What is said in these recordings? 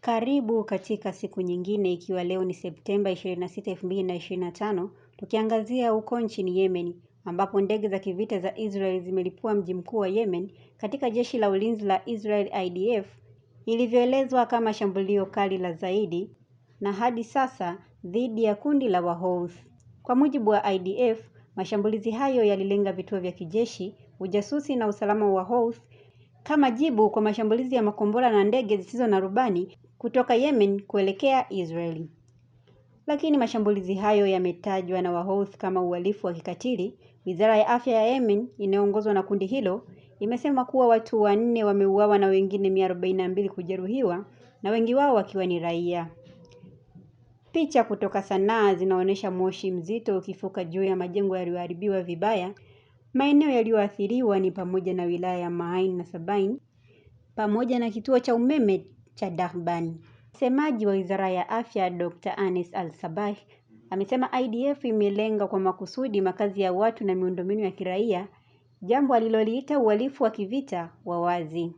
Karibu katika siku nyingine ikiwa leo ni Septemba 26, 2025, tukiangazia huko nchini Yemen ambapo ndege za kivita za Israel zimelipua mji mkuu wa Yemen katika jeshi la ulinzi la Israel IDF ilivyoelezwa kama shambulio kali la zaidi na hadi sasa dhidi ya kundi la Wahouth. Kwa mujibu wa IDF, mashambulizi hayo yalilenga vituo vya kijeshi, ujasusi na usalama wa Wahouth kama jibu kwa mashambulizi ya makombora na ndege zisizo na rubani kutoka Yemen kuelekea Israeli. Lakini mashambulizi hayo yametajwa na Wahouth kama uhalifu wa kikatili. Wizara ya Afya ya Yemen inayoongozwa na kundi hilo imesema kuwa watu wanne wameuawa na wengine mia kujeruhiwa na wengi wao wakiwa ni raia. Picha kutoka Sanaa zinaonyesha moshi mzito ukifuka juu ya majengo yaliyoharibiwa vibaya. Maeneo yaliyoathiriwa ni pamoja na wilaya ya Maain na Sabain pamoja na kituo cha umeme cha Dahbani. Msemaji wa Wizara ya Afya, Dr. Anis Al-Sabah, amesema IDF imelenga kwa makusudi makazi ya watu na miundombinu ya kiraia, jambo aliloliita uhalifu wa kivita wa wazi.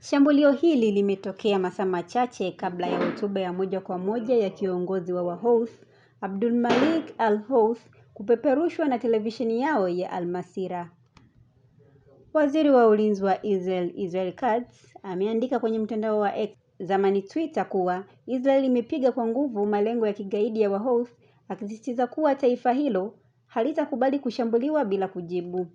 Shambulio hili limetokea masaa machache kabla ya hotuba ya moja kwa moja ya kiongozi wa Wahouth, malik al houth kupeperushwa na televisheni yao ya al masira Waziri wa Ulinzi wa Israel, Israel Katz, ameandika kwenye mtandao wa X, zamani Twitter, kuwa Israel imepiga kwa nguvu malengo ya kigaidi ya Wahouthi, akisisitiza kuwa taifa hilo halitakubali kushambuliwa bila kujibu.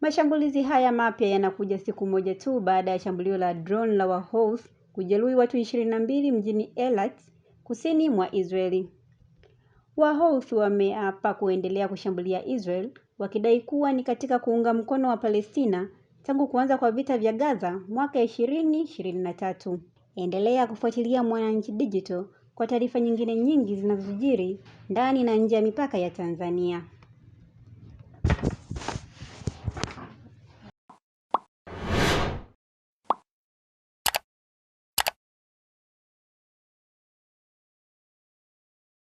Mashambulizi haya mapya yanakuja siku moja tu baada ya shambulio la drone la wahouth kujeruhi watu ishirini na mbili mjini Eilat, kusini mwa Israeli. Wahouthi wameapa kuendelea kushambulia Israel wakidai kuwa ni katika kuunga mkono wa Palestina tangu kuanza kwa vita vya Gaza mwaka 2023. Endelea kufuatilia Mwananchi Digital kwa taarifa nyingine nyingi zinazojiri ndani na nje ya mipaka ya Tanzania.